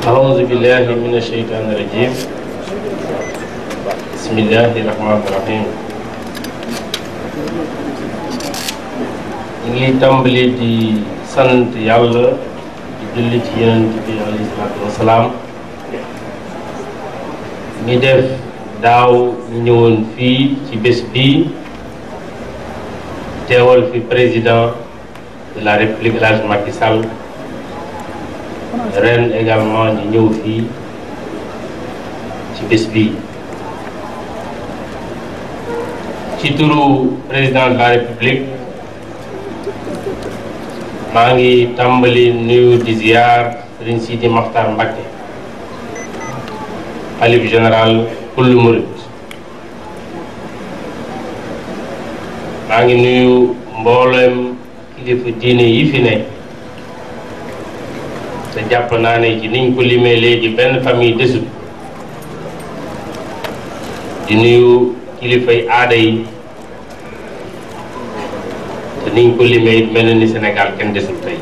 أعوذ بالله من الشيطان الرجيم بسم الله الرحمن الرحيم ñu ngi tàmbali di sant yàlla di julli ci yonent bi alayhi salaatu wasalaam def daaw ñëwoon fii ci bés bii teewal fi président de la république El Hadj ren également ñu ñëw fii ci bés bii ci turu président de la république maa ngi tàmbali nuyu di ziar Sëriñ Sidi Maxtar Mbacké xalif général kullu murid maa ngi nuyu mboolem kilifa diine yi fi ne te jàpp naa ne ci niñ ko limee léegi benn famille desut di nuyu kilifay aada yi te niñ ko limee mel na ni senegal kenn desul tey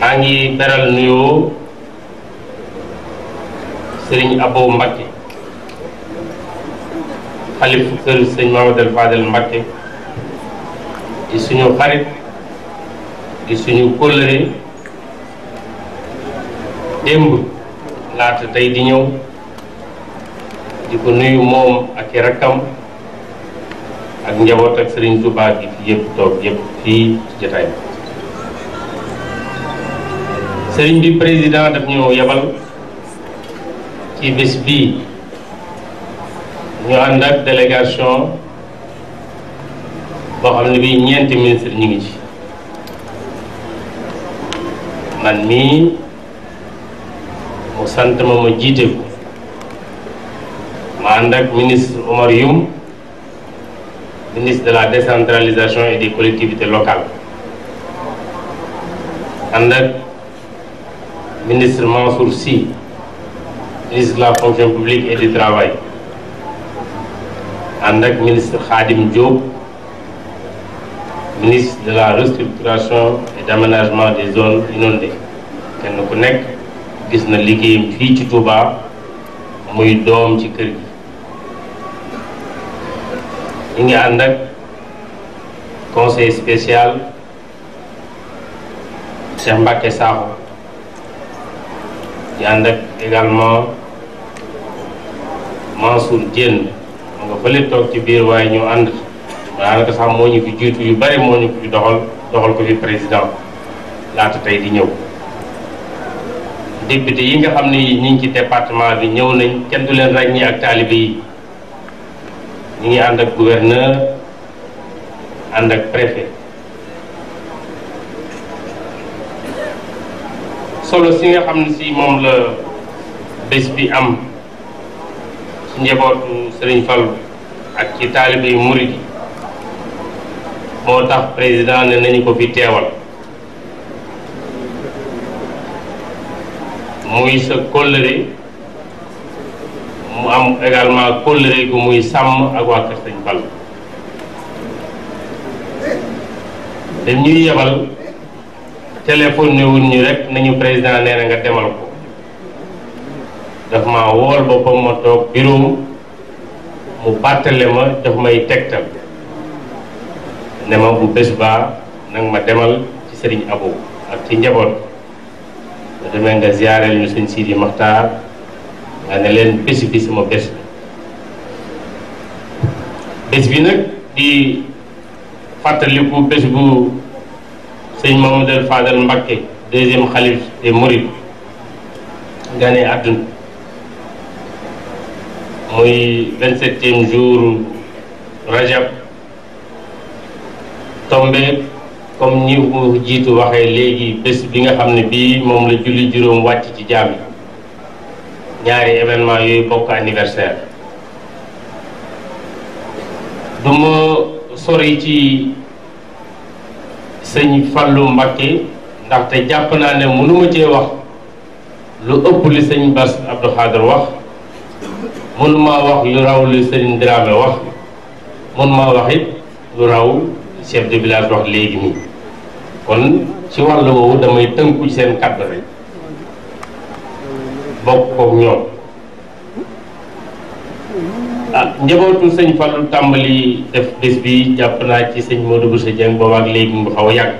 maa ngi beral nuyoo Serigne Abo Mbacké xalif kër Serigne Mamadou Fadel Mbacké ci suñu xarit di suñu kóllëre démb laata tey di ñëw di ko nuyu moom ak i rakkam ak njaboot ak Serigne Touba gi fi yëpp toog yëpp fii ci jotaay bi bi président daf ñëw yabal ci bés bi ñu ànd ak délégation boo xam ne bii ñeenti ministre ñu ngi ci. man mii mu sant ma ma jiite ko ma ànd ministre Omar Youm ministre de la décentralisation et des collectivités locales ànd ministre Mansour Sy ministre de la fonction publique et du travail ànd ak ministre Khadim Diop ministre de la restructuration et d'aménagement des zones inondées kenn ku nekk gis na liggéeyam fii ci Touba muy doom ci kër gi ñu ngi ànd ak conseil spécial Cheikh Mbacké Sakho di ànd ak également Mansour Diène mu nga fële toog ci biir waaye ñu ànd daanaka sax moo ñu fi jiitu yu bari moo ñu fi doxal doxal ko fi président laata tey di ñëw député yi nga xam ne ñi ngi ci bi ñëw nañ kenn du leen ràññee ak taalibe yi ñu ngi ànd ak gouverneur ànd ak préfet solo si nga xam ne si moom la bés bi am su njabootu Serigne Fallou ak ci taalibe yu murid moo tax président ne nañu ko fi teewal muy sa kóllëre mu am également kóllëre gu muy sàmm ak waa Kër Sëñ Fall dañuy yebal téléphoné wuñ ñu rek nañu président nee na nga demal ko daf ma wool boppam ma toog bureau mu bàttale ma daf may tegtal ne ma bu bés baa nag ma demal ci sëriñ Abo ak ci njaboot nga demee nga ziareel ñu sëñ Sidi Maxtaar nga ne leen bés bi sama bés bi bés bi nag di fàttaliku bés bu sëñ Mamadou Fadel Mbacké deuxième xalif des Mourides nga ne àdduna muy vingt-septième jour rajab tombe comme ni mu jiitu waxee léegi bés bi nga xam ne bii moom la julli juróom wàcc ci jaam yi ñaari événement yooyu bokk anniversaire du ma sori ci sëñ Fallu Mbakke ndaxte jàpp naa ne mënuma cee wax lu ëpp li sëñ Bass Abdou Khadre wax mënuma wax lu raw li sëñ Dramé wax mënuma wax lu raw chef de village wax léegi nii kon ci wàll woowu damay tënku seen kàddu rek bokk koog ñoom ah, njabootu sëñ Fallou tàmbali def bés bi jàpp naa ci sëñ Modou Bousso Dieng boobaak léegi mu xaw a yàgg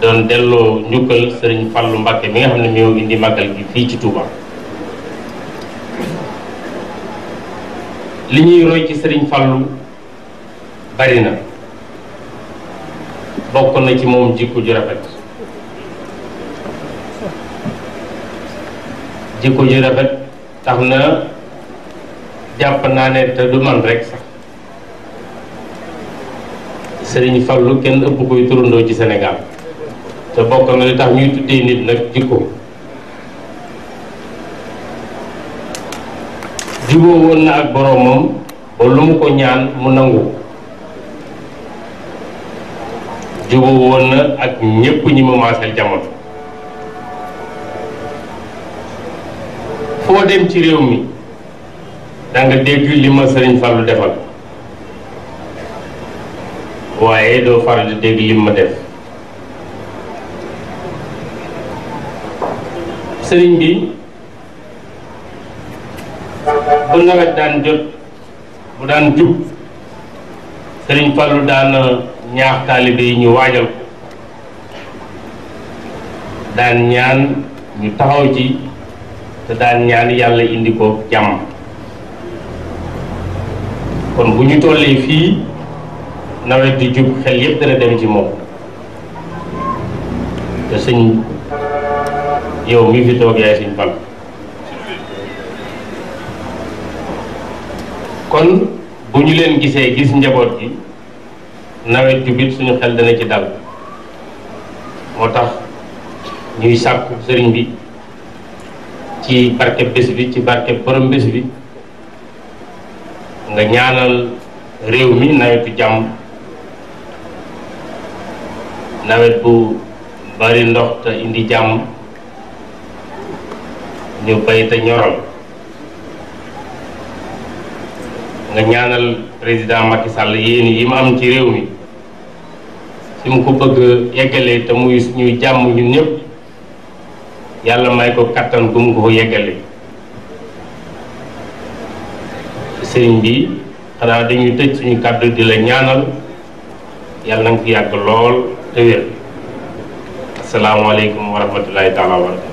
doon delloo njukkal sëriñ Fallou Mbacke mi nga xam ne moo indi màggal gi fii ci Touba. li ñuy roy ci sëriñ Fallou. bari na bokk na ci moom jikko ju rafet jikko ju rafet tax na jàpp naa ne te du man rek sax Sëriñ Fallu kenn ëpp koy turandoo ci Sénégal te bokk na li tax ñuy tuddee nit nag jikko juboo woon na ak boroomam ba lu mu ko ñaan mu nangu juboo woon na ak ñépp ñi mu maaseel jamono foo dem ci réew mi danga dégg li ma sëriñ Fallou defal waaye doo faral di dégg lim ma def sëriñ bi bu nawet daan jot bu daan jub sëriñ Fallou daan ñaax taalibe yi ñu waajal ko daan ñaan ñu taxaw ci te daan ñaan yàlla indi ko jàmm kon bu ñu tollee fii nawet di jub xel yépp dana dem ci moom te sëñ yow mi fi toog yaay sëñ Fall kon bu ñu leen gisee gis njaboot gi nawet bi biir suñu xel dana ci dal moo tax ñuy sàkku sëriñ bi ci barkeb bés bi ci barkeb borom bés bi nga ñaanal réew mi nawetu jàmm nawet bu bari ndox te indi jàmm ñu bay te ñoral nga ñaanal président Macky Sall yéen yi ma am ci réew mi fi mu ko bëgg yeggalee te muy ñuy jàmm ñun ñëpp yàlla may ko kàttan gu mu ko yeggale sëriñ bi xanaa dañuy tëj suñu kàddu di la ñaanal yàlla na nga fi yàgg lool te wér asalaamaaleykum wa rahmatullahi taala